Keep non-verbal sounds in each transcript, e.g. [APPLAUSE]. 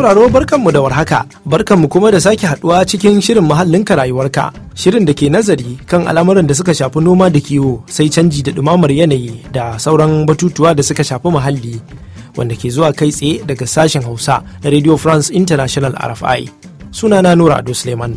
sauraro barkanmu da warhaka, barkanmu kuma da sake haduwa cikin shirin muhallinka rayuwarka, shirin da ke nazari kan al'amuran da suka shafi noma da kiwo sai canji da dumamar yanayi da sauran batutuwa da suka shafi muhalli, wanda ke zuwa kai tsaye daga sashen Hausa na Radio France International RFI. Sunana Nura Ado Suleiman.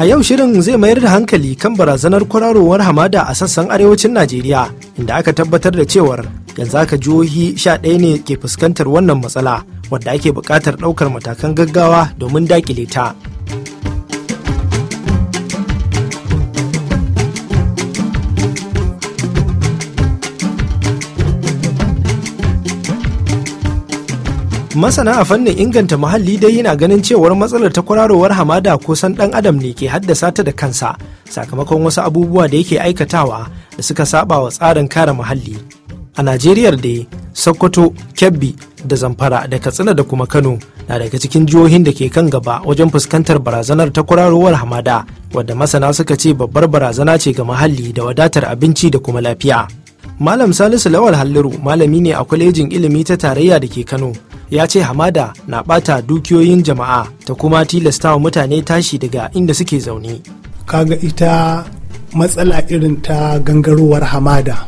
A yau shirin zai mayar da hankali kan barazanar kwararowar hamada a sassan arewacin Najeriya inda aka tabbatar da cewar yanzu aka jihohi sha ɗaya ne ke fuskantar wannan matsala wadda ake buƙatar ɗaukar matakan gaggawa domin daƙile ta. masana a fannin inganta muhalli dai yana ganin cewar matsalar ta kwararowar hamada kusan dan adam ne ke haddasa ta da kansa sakamakon wasu abubuwa da yake aikatawa da suka saba wa tsarin kare muhalli a najeriya dai sokoto kebbi da zamfara da katsina da kuma kano na daga cikin jihohin da ke kan gaba wajen fuskantar barazanar ta kwararowar hamada wadda masana suka ce babbar barazana ce ga muhalli da wadatar abinci da kuma lafiya Malam Salisu Lawal Halliru malami ne a kwalejin ilimi ta tarayya da ke Kano ya ce hamada na ɓata dukiyoyin jama'a ta kuma tilastawa mutane tashi daga inda suke zaune. Kaga ita matsala irin ta gangarowar hamada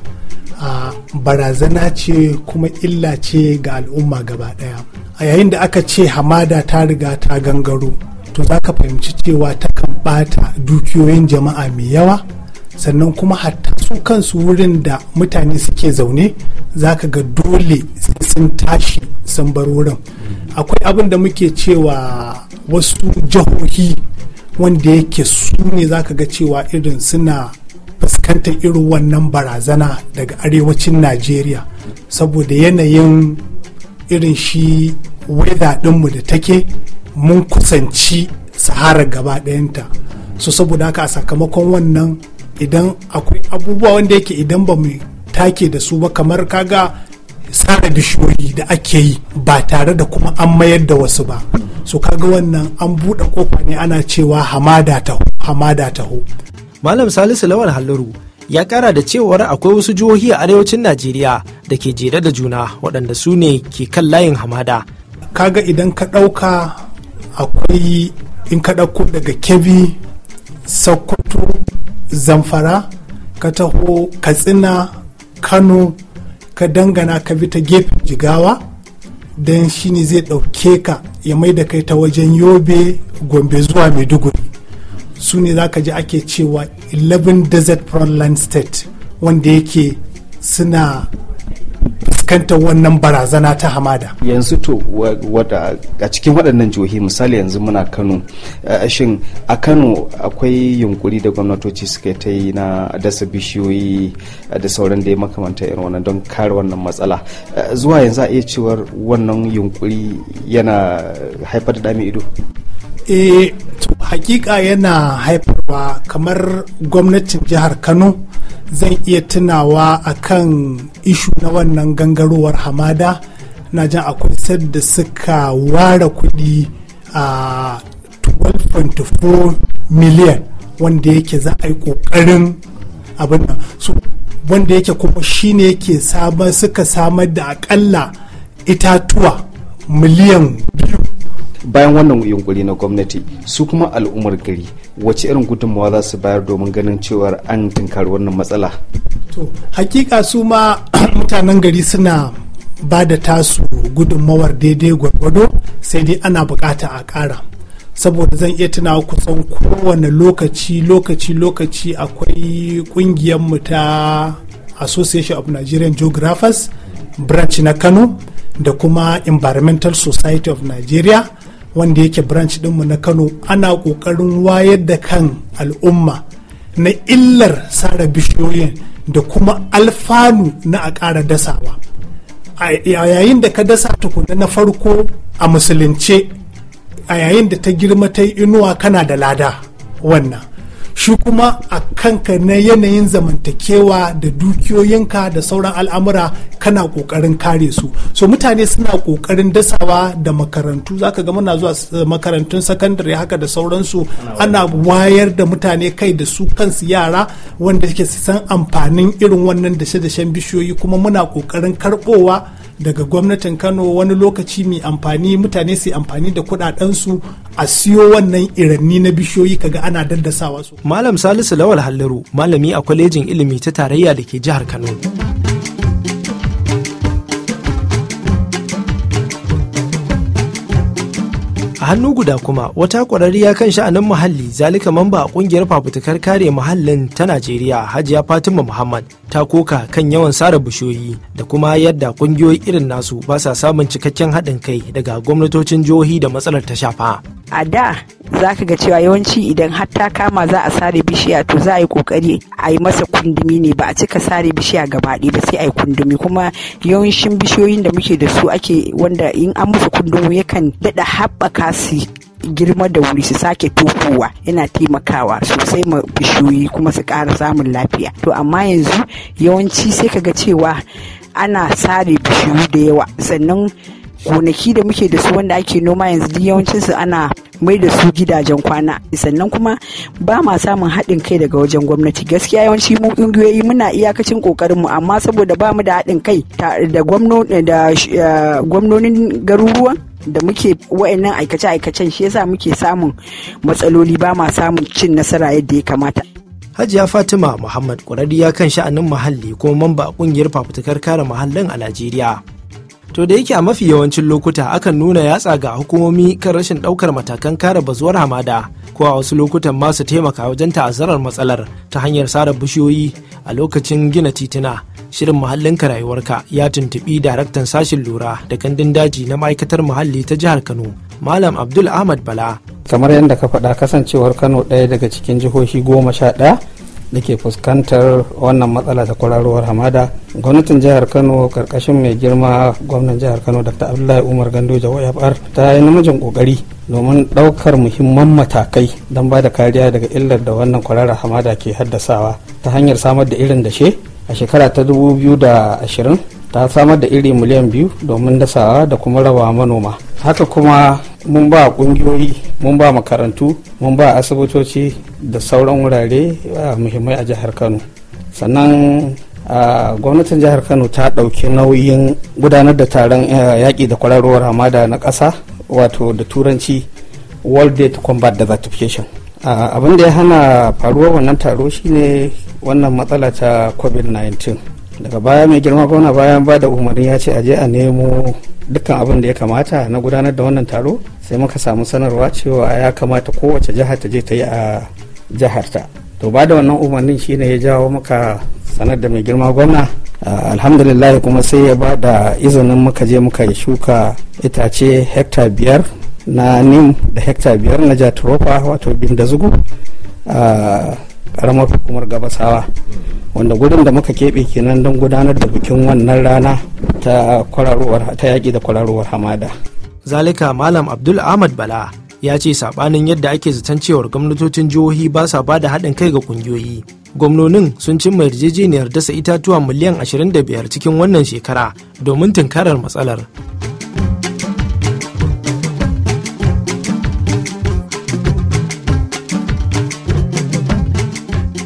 a barazana ce kuma illa ce ga al'umma gaba ɗaya. A yayin da aka ce hamada ta riga ta gangaro to za ka fahimci cewa kan ɓata dukiyoyin jama'a mai yawa sannan kuma hatta su kansu wurin da mutane suke zaune za ka ga dole sun tashi sun bar wurin akwai abin da muke cewa wasu jihohi wanda yake su ne za ka ga cewa irin suna fuskantar irin wannan barazana daga arewacin najeriya saboda yanayin irin shi weather dinmu da take mun kusanci sahara gaba ɗayanta so saboda haka a sakamakon wannan idan akwai abubuwa wanda yake idan ba mu take da su ba kamar kaga sare bishiyoyi da ake yi ba tare da kuma an mayar da wasu ba so kaga wannan an buɗe kofa ne ana cewa hamada taho hamada malam salisu lawal halluru ya kara da cewar akwai wasu jihohi a arewacin najeriya da ke jere da juna waɗanda su ne ke kan layin hamada kaga idan ka ɗauka akwai in ka ɗauko daga kebi sakko zamfara ka taho katsina kano ka dangana ka bi ta gefen jigawa don shi ne zai ɗauke ka ya mai da kai ta wajen yobe gombe zuwa maiduguri su ne za ka ji ake cewa 11 desert front land state wanda yake suna fuskantar wannan barazana ta hamada yanzu to a cikin waɗannan jihohi misali yanzu muna kano eh, shin a kano akwai yunkuri da gwamnatoci suka ta yi na dasa bishiyoyi eh, da sauran da ya makamanta irin wannan don kare wannan matsala eh, zuwa yanzu a iya cewar wannan yunkuri yana haifar da dami ido hakika yana haifarwa kamar gwamnatin jihar kano zan iya tunawa a kan ishu na wannan gangarowar hamada na jan akwai sadda suka ware kudi a 12.4 miliyan wanda yake za a yi kokarin abin so wanda yake kuma shine yake suka samar da akalla itatuwa miliyan biyu bayan wannan yunkuri na gwamnati su kuma al'ummar gari wacce irin gudunmawa za su bayar domin ganin cewar an tinkari wannan matsala to hakika su ma [CLEARS THROAT] mutanen gari suna ba da tasu gudunmawar daidai gwargwado sai dai ana bukata a kara saboda zan iya tunawa kusan kowane lokaci lokaci lokaci akwai mu ta association of nigerian geographers branch na kano da kuma environmental society of nigeria wanda yake branch dinmu na kano ana kokarin wayar da kan al'umma na illar sare bishiyoyin da kuma alfanu na a ƙara dasawa a yayin da ka dasa tukuna na farko a musulunce a yayin da ta girma ta inuwa kana da lada wannan shi kuma a kanka na yanayin zamantakewa da dukiyoyinka da sauran al'amura kana kokarin kare su so mutane suna kokarin dasawa da makarantu zaka ga muna zuwa eh, makarantun sakandare haka da sauransu ana wayar da mutane kai da su kansu yara wanda suke san amfanin irin wannan dashe-dashen bishiyoyi kuma muna kokarin karbowa daga gwamnatin kano wani lokaci mai amfani mutane su amfani da kudadensu a siyo wannan iranni na bishiyoyi kaga ana daddasawa su malam salisu lawal halliru malami a kwalejin ilimi ta tarayya da ke jihar kano a hannu guda kuma wata kwararriya kan sha'anin muhalli zalika mamba a kungiyar fafutukar kare muhallin ta najeriya hajiya fatima muhammad ta koka kan yawan sara bishiyoyi da kuma yadda kungiyoyi irin nasu ba sa samun cikakken haɗin kai daga gwamnatocin jihohi da matsalar ta shafa a da za ka ga cewa yawanci idan har ta kama za a sare bishiya to za a yi kokari a yi masa kundumi ne ba a cika sare bishiya gabaɗaya ba sai a yi kundumi kuma yawancin bishiyoyin da muke da su ake wanda in an musu kundumi yakan daɗa haɓaka su girma da wuri su sake tofowa yana taimakawa sosai ma bishiyoyi kuma su ƙara samun lafiya to amma yanzu yawanci sai ka ga cewa ana sare bishiyu da yawa sannan gonaki da muke da su wanda ake noma yanzu duk yawancin su ana mai da su gidajen kwana sannan kuma ba ma samun haɗin kai daga wajen gwamnati gaskiya yawanci mu ƙungiyoyi muna iyakacin ƙoƙarin mu amma saboda ba mu da haɗin kai da eh, eh, gwamnonin garuruwan da muke wa'annan aikace-aikacen shi yasa muke samun matsaloli ba ma samun cin nasara yadda ya kamata Hajiya Fatima Muhammad ƙwararriya kan sha'anin muhalli kuma mamba ƙungiyar fafutukar kare muhallin a Najeriya. to da yake a mafi yawancin lokuta akan nuna yatsa ga hukumomi kan rashin daukar matakan kare bazuwar hamada ko a wasu lokutan ma su taimaka wajen ta'azzarar matsalar ta hanyar sare bishiyoyi a lokacin gina tituna shirin muhallin rayuwarka ya tuntubi daraktan sashin lura da gandun daji na ma'aikatar muhalli ta jihar kano malam abdul ahmad bala kamar yadda ka faɗa kasancewar kano ɗaya daga cikin jihohi goma sha ɗaya da ke fuskantar wannan matsala ta kwararowar hamada gwamnatin jihar kano karkashin mai girma gwamnan jihar kano dr abdullahi umar gandoja wayar ta yi namijin kokari domin ɗaukar muhimman matakai don ba da kariya daga illar da wannan kwararar hamada ke haddasawa ta hanyar samar da irin dashe a shekara ta 2020 ta samar da iri miliyan biyu domin dasawa da kuma rawa manoma haka kuma mun ba kungiyoyi mun ba makarantu mun ba asibitoci da sauran wurare muhimmai a jihar kano sannan a gwamnatin jihar kano ta ɗauki nauyin gudanar da taron yaƙi da kwararowar hamada na ƙasa wato da turanci world day to combat desertification abin da ya hana faruwar wannan taro shine wannan matsala ta covid-19 daga baya mai girma gwamna bayan ba da umarni ya ce a je a nemo dukkan abin da ya kamata na gudanar da wannan taro sai muka samu sanarwa cewa ya kamata kowace jihar ta je ta yi a jiharta to ba da wannan umarnin shine ya jawo muka sanar da mai girma gwamna alhamdulillah kuma sai ya ba da izinin muka je muka yi shuka itace hekta biyar na nim da hekta biyar na jatropa wato bindazugu a karamar hukumar gabasawa wanda gudun da muka keɓe kenan don gudanar da bikin wannan rana ta yaƙi da kwararowar hamada zalika malam abdul ahmad bala ya ce saɓanin yadda ake zaton cewar gwamnatocin jihohi ba sa ba da haɗin kai ga ƙungiyoyi gwamnonin sun cimma yarjejeniyar dasa itatuwa miliyan 25 cikin wannan shekara domin tunkarar matsalar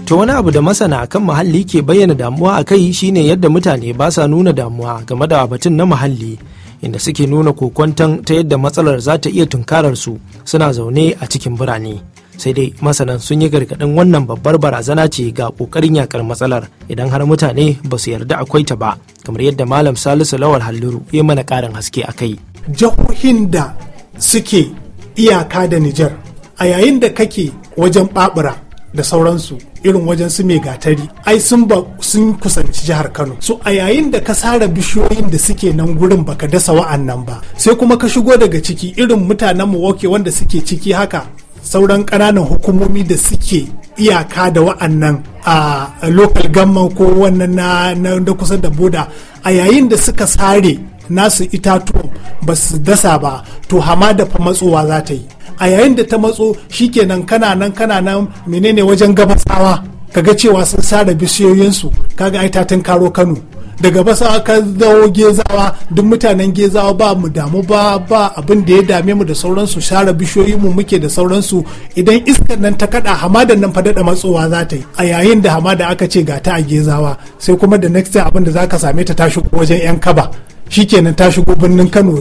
To wani abu da masana akan muhalli ke bayyana damuwa a kai shine yadda mutane ba sa nuna damuwa game da batun na muhalli inda suke nuna kokwanton ta yadda matsalar za ta iya tunkarar su suna zaune a cikin birane. Sai dai masanan sun yi gargaɗin wannan babbar barazana ce ga ƙoƙarin yakar matsalar idan har mutane ba su yarda akwai ta ba kamar yadda Malam Salisu Lawal Halliru ya mana ƙarin haske a kai. Jahohin da suke iyaka da Nijar a yayin da kake wajen ɓaɓura da sauransu irin wajen su mai gatari ai sun ba sun kusanci jihar Kano so a yayin da ka sare bishiyoyin da suke nan gurin baka dasa wa'annan ba sai kuma ka shigo daga ciki irin mutanen Milwaukee wanda suke ciki haka sauran ƙananan hukumomi da suke iyaka da wa'annan a local government ko wannan na da kusa da boda a yayin da suka sare nasu itatuwan ba su dasa ba to hamada fa matsowa za ta yi a yayin da ta matso shikenan kana nan kana nan menene wajen gabasawa kaga cewa sun sare bishiyoyinsu kaga ai ta karo kano daga basa aka zawo gezawa duk mutanen gezawa ba mu damu ba ba abin da ya dame mu da sauransu share bishiyoyi mu muke da sauransu idan iskar nan ta kada hamadan nan fadada matsowa za ta yi a yayin da hamada aka ce ga ta a gezawa sai kuma da next time abin da zaka same ta ta wajen yan kaba shikenan ta shigo birnin Kano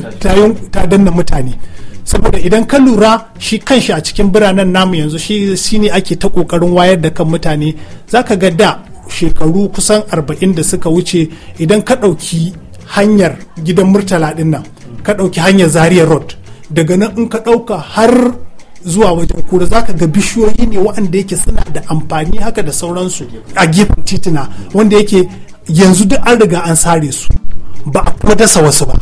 ta danna mutane saboda idan ka lura shi kanshi a cikin biranen namu yanzu shi ne ake ta kokarin wayar da kan mutane zaka ga da shekaru kusan arba'in da suka wuce idan ka ɗauki hanyar gidan murtala ɗin nan ka ɗauki hanyar zaria road daga nan in ka ɗauka har zuwa wajen kura zaka ga bishiyoyi ne waɗanda yake suna da amfani haka da sauransu a gefen titina wanda yake yanzu duk an riga an sare su ba a kuma dasa wasu ba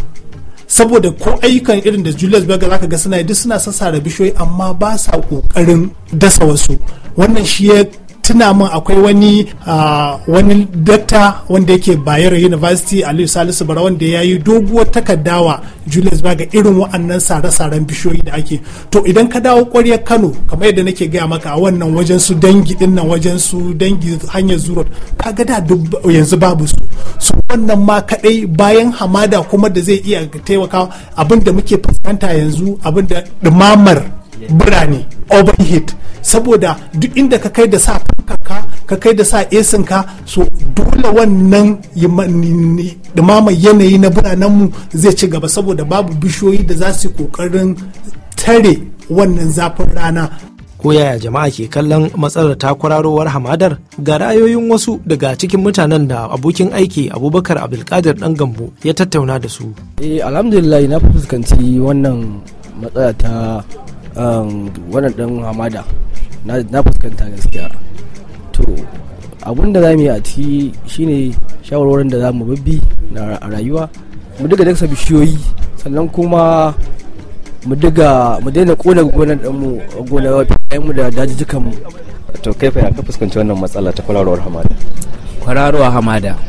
saboda ko ayyukan irin da Julius Berger zaka ga suna duk suna sassara bishiyoyi amma ba sa ƙoƙarin dasa wasu wannan shi ya tuna min akwai wani wani dakta wanda yake bayero university aliyu salisu bara wanda ya yi doguwar takarda wa julius ga irin wa'annan sare-saren bishiyoyi da ake to idan ka dawo kwariyar kano kamar yadda nake gaya maka a wannan wajen su dangi din nan wajen su dangi hanyar zuro kaga da duk yanzu babu su su wannan ma kadai bayan hamada kuma da zai iya taimaka abin da muke fuskanta yanzu abin da ɗumamar birane overhead saboda duk inda ka kai da sa fanka ka kai da sa esin ka so dole wannan dumama yanayi na biranenmu zai ci gaba saboda babu bishiyoyi da za su kokarin tare wannan zafin rana ko yaya jama'a ke kallon matsalar takwararowar hamadar ga ra'ayoyin wasu daga cikin mutanen da abokin aiki abubakar abdulkadir dan gambo ya tattauna da su eh alhamdulillah na fuskanci wannan matsala ta Um, wannan ɗan hamada na fuskanta gaskiya to abun da za mu yi a ciki shine shawarwarin da za mu babbi a rayuwa mu daga daga bishiyoyi sannan kuma mu diga mu daina kona gonar ɗanmu gonar mu da mu. to kai fa ka fuskanci wannan matsala ta kwararowar hamada kwararowar hamada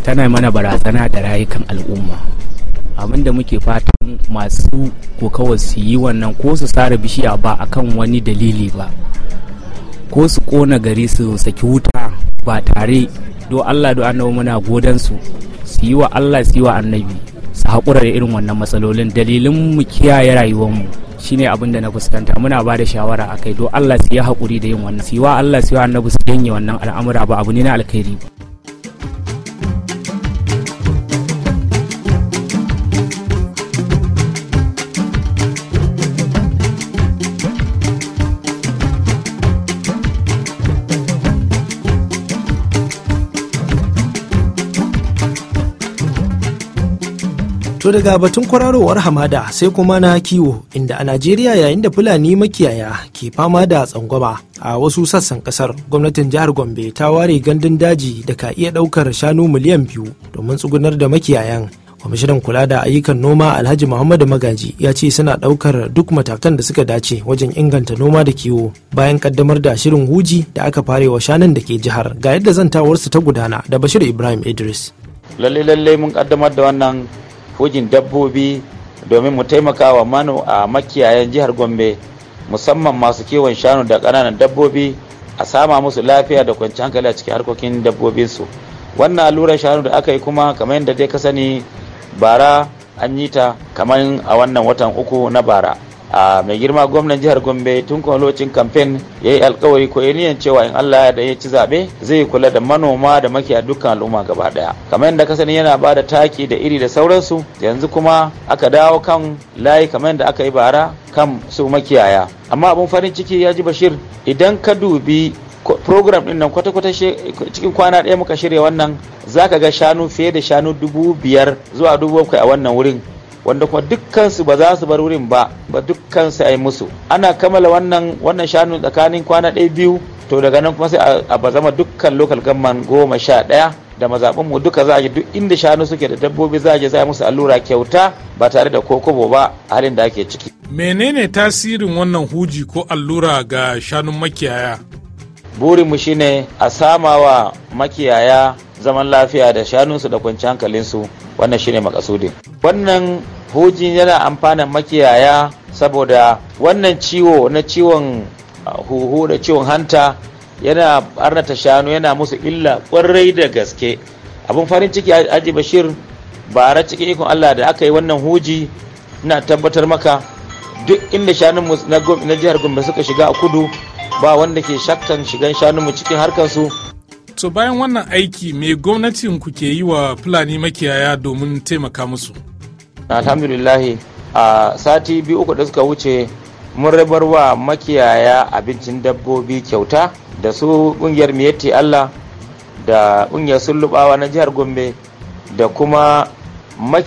tana mana barazana da rayukan al'umma abin da muke fatan masu kokawar su yi wannan ko su sare bishiya ba akan wani dalili ba ko su kona gari su saki wuta ba tare do allah do annabi muna godan su su yi wa allah su yi wa annabi su haƙura da irin wannan matsalolin dalilin mu kiyaye rayuwarmu shine abin da na fuskanta muna ba da shawara a kai do allah su yi haƙuri da yin wannan su yi wa allah su yi wa annabi su janye wannan al'amura ba abu ne na alkhairi ba To daga batun kwararowar hamada sai kuma na kiwo inda a Najeriya yayin da Fulani makiyaya ke fama da tsangwama a wasu sassan kasar gwamnatin jihar Gombe ta ware gandun daji da ka iya daukar shanu miliyan biyu domin tsugunar da makiyayan. Kwamishinan kula da ayyukan noma Alhaji Muhammadu Magaji ya ce suna daukar duk matakan da suka dace wajen inganta noma da kiwo bayan kaddamar da shirin huji da aka wa shanun da ke jihar ga yadda zantawarsu ta gudana da Bashir Ibrahim Idris. Lalle lalle mun kaddamar da wannan hujin dabbobi domin mu taimaka wa Manu a makiyayan jihar gombe musamman masu kiwon shanu da ƙananan dabbobi a sama musu lafiya da kwanci hankali a cikin harkokin dabbobinsu wannan allurar shanu da aka yi kuma kamar yadda dai ka sani bara an yi ta kamar a wannan watan uku na bara a mai girma gwamnan jihar gombe tun kuma lokacin kamfen ya yi alkawari ko niyan cewa in allah ya ya ci zaɓe zai kula da manoma da makiya dukkan al'umma gaba daya kamar yadda ka sani yana ba da taki da iri da sauransu yanzu kuma aka dawo kan layi kamar yadda aka yi bara kan su makiyaya amma abin farin ciki ya ji bashir idan ka dubi program din nan kwata-kwata cikin kwana ɗaya muka shirya wannan zaka ga shanu fiye da shanu dubu biyar zuwa dubu bakwai a wannan wurin wanda kuma dukkansu ba za su bar wurin ba ba dukkansu a yi musu ana kammala wannan wannan shanu tsakanin kwana ɗaya biyu to daga nan kuma sai a bazama dukkan lokal gamman goma sha ɗaya da mazaɓin mu duka za a duk inda shanu suke da dabbobi za a je za a musu allura kyauta ba tare da kokobo ba halin da ake ciki. menene tasirin wannan huji ko allura ga shanun makiyaya burinmu shine a samawa makiyaya zaman lafiya da shanunsu da kwanci hankalinsu wannan shine makasudin wannan hujin yana amfanin makiyaya saboda wannan ciwo na ciwon huhu da ciwon hanta yana arnata shanu yana musu illa kwarai da gaske abin farin ciki aji bashir bara cikin ikon allah da aka yi wannan huji na tabbatar maka duk inda shanunmu na jihar gombe suka shiga a kudu ba wanda ke shakkan shigan shanunmu cikin harkarsu to bayan wannan aiki me gwamnatin ku ke yi wa fulani makiyaya domin taimaka musu alhamdulillahi a sati biyu uku da suka wuce mun rabar wa makiyaya abincin dabbobi kyauta da su kungiyar miyetti allah da kungiyar sullubawa na jihar gombe da kuma mu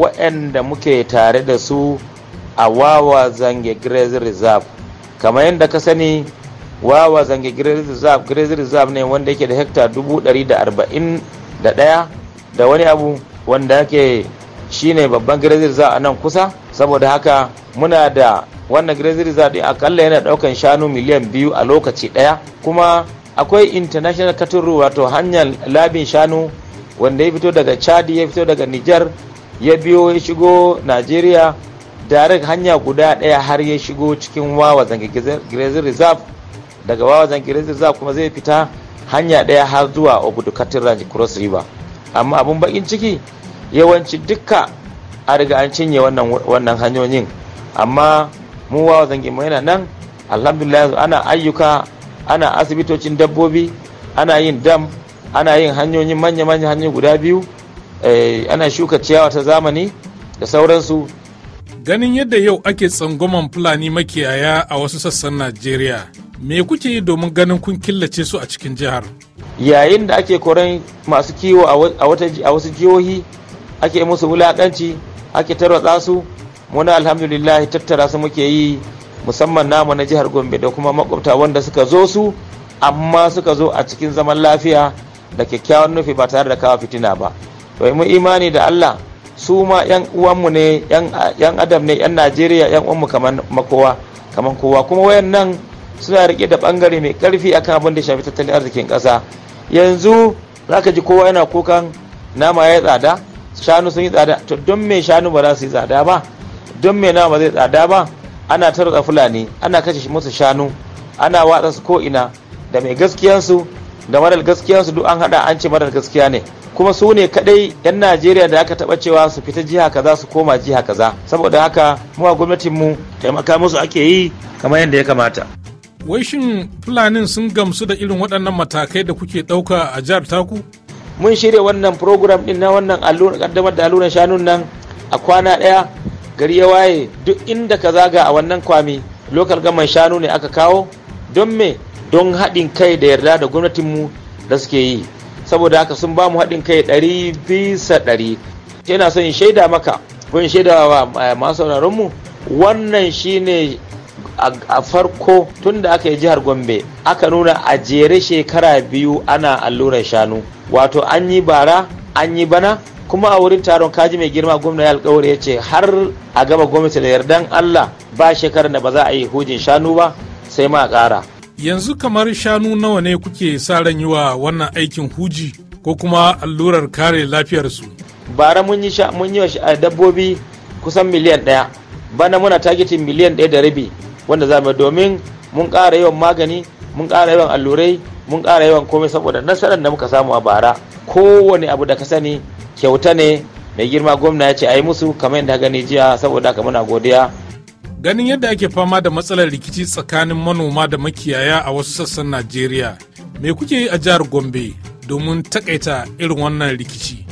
waɗanda muke tare da su a wawa zange grazing reserve kamar yadda ka sani wawa zange grazing reserve ne wanda yake da hekta 141 da wani abu wanda yake shine babban grazir za a nan kusa saboda haka muna da wannan grazir za a akalla yana ɗaukan shanu miliyan biyu a lokaci ɗaya kuma akwai international cattle wato hanyar labin shanu wanda ya fito daga chadi ya fito daga niger ya biyo ya shigo nigeria direct hanya guda ɗaya har ya shigo cikin wawa zangi grazir reserve daga wawa zangi grazir reserve kuma zai fita hanya ɗaya har zuwa Ogudu cattle range cross river amma abin bakin ciki yawanci duka a riga an cinye wannan hanyoyin amma mu wawa zangi mu yana nan alhamdulillah ana ayyuka ana asibitocin dabbobi ana yin dam ana yin hanyoyin manya-manya hanyoyi guda biyu eh, ana shuka ciyawa ta zamani da sauransu ganin yadda yau ake tsangwaman fulani makiyaya a wasu sassan najeriya me kuke yi domin ganin kun killace su a cikin jihar yayin da ake koran masu kiwo a wasu jihohi ake musu wulakanci ake tarwatsa su muna alhamdulillah tattara su muke yi musamman namu na jihar gombe da kuma makwabta wanda suka zo su amma suka zo a cikin zaman lafiya da kyakkyawan nufi ba tare da kawo fitina ba to mu imani da allah su ma yan uwanmu ne yan adam ne yan najeriya yan uwanmu kamar makowa kamar kowa kuma wayan suna rike da bangare mai karfi akan abin da shafi tattalin arzikin kasa yanzu zaka ji kowa yana kukan nama ya tsada shanu sun yi tsada to don me shanu ba za su yi tsada ba don me ba zai tsada ba ana tarza fulani ana kashe musu shanu ana watsa su ko'ina da mai gaskiyansu da marar gaskiyansu duk an hada an ce marar gaskiya ne kuma su ne kadai yan najeriya da aka taba cewa su fita jiha kaza su koma jiha kaza saboda haka muwa gwamnatinmu taimaka musu ake yi kamar yadda ya kamata wai shin fulanin sun gamsu da irin waɗannan matakai da kuke ɗauka a jihar taku mun shirya wannan program din na wannan kaddamar da alluran shanun nan a kwana ɗaya gari ya waye duk inda ka zaga a wannan kwami lokal gaman shanu ne aka kawo don me don haɗin kai da yarda da gwamnatinmu da suke yi saboda haka sun ba mu haɗin kai ɗari bisa ɗari yana son shaida maka ko shaida wa eh, masu sauraronmu wannan shine a farko tun da aka yi jihar gombe aka nuna a jere shekara biyu ana allurar shanu wato an yi bara an yi bana kuma a wurin taron kaji mai girma gwamna ya alkawari ya ce har a gama gwamnati da yardan allah ba shekarar da ba za a yi hujin shanu ba sai ma kara yanzu kamar shanu nawa ne kuke sa ran yi wa wannan aikin huji ko kuma allurar kare lafiyarsu bara mun yi wa eh, dabbobi kusan miliyan ɗaya bana muna targetin miliyan ɗaya da rabi wanda za mu domin mun ƙara yawan magani mun ƙara yawan allurai mun ƙara yawan komai saboda nasarar da muka samu a bara kowane abu da ka sani kyauta ne mai girma gwamna ya ce a yi musu kamar yadda gani jiya saboda haka muna godiya ganin yadda ake fama da matsalar rikici tsakanin manoma da makiyaya a wasu sassan najeriya me kuke yi a jihar gombe domin takaita irin wannan rikici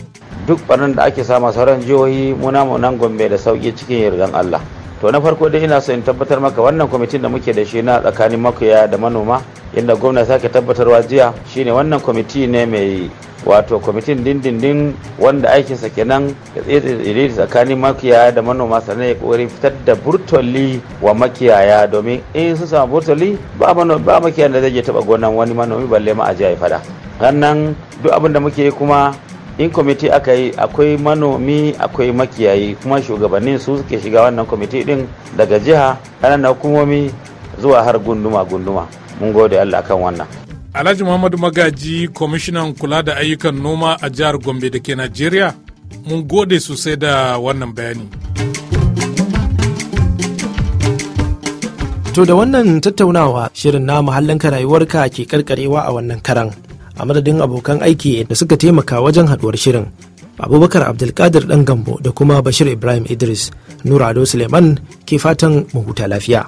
duk barnan da ake samu sauran jihohi muna nan gombe da sauki cikin yardan allah to na farko dai ina so in tabbatar maka wannan kwamitin da muke da shi na tsakanin makuya da manoma inda gwamna sake tabbatarwa jiya shine wannan kwamiti ne mai wato kwamitin dindindin wanda aikinsa kenan ya tsere tsakanin makiyaya da manoma sannan ya kokarin fitar da burtoli wa makiyaya domin in su samu burtoli ba ba makiyayan da zai je taba gonan wani manomi balle ma a jiya ya fada sannan duk abin da muke kuma in kwamiti aka yi akwai manomi akwai makiyayi kuma shugabannin su suke shiga wannan kwamiti din daga jiha ƙananan hukumomi zuwa har gunduma gunduma mun gode allah kan wannan alhaji muhammadu magaji kwamishinan kula da ayyukan noma a jihar gombe da ke najeriya mun gode sosai da wannan bayani to da wannan tattaunawa shirin na muhallinka rayuwarka ke karkarewa a wannan karan a madadin abokan aiki da suka taimaka wajen haduwar shirin abubakar abdulkadir dan gambo da kuma bashir ibrahim idris nura ado suleiman ke fatan mu huta lafiya